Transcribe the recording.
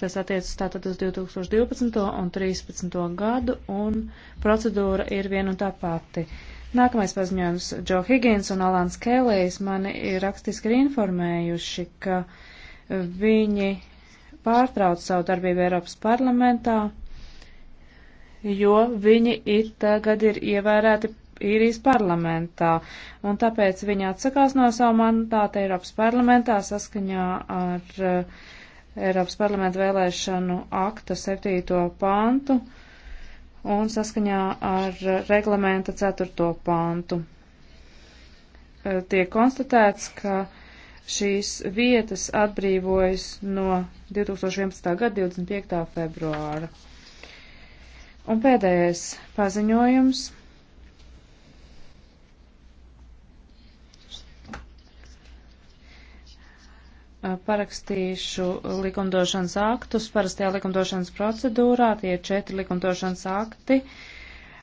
Tas attiecas tātad uz 2012. un 2013. gadu, un procedūra ir viena un tā pati. Nākamais paziņojums - Džo Higgins un Alans Kēlējs mani ir rakstiski ir informējuši, ka viņi pārtrauc savu darbību Eiropas parlamentā, jo viņi ir tagad ir ievērēti īrijas parlamentā, un tāpēc viņi atsakās no savu mandātu Eiropas parlamentā saskaņā ar uh, Eiropas parlamenta vēlēšanu akta 7. pantu un saskaņā ar reglamenta 4. pantu. E, tiek konstatēts, ka šīs vietas atbrīvojas no 2011. gada 25. februāra. Un pēdējais paziņojums. Eh, parakstīšu likumdošanas aktus parastajā likumdošanas procedūrā. Tie ir četri likumdošanas akti. Uh,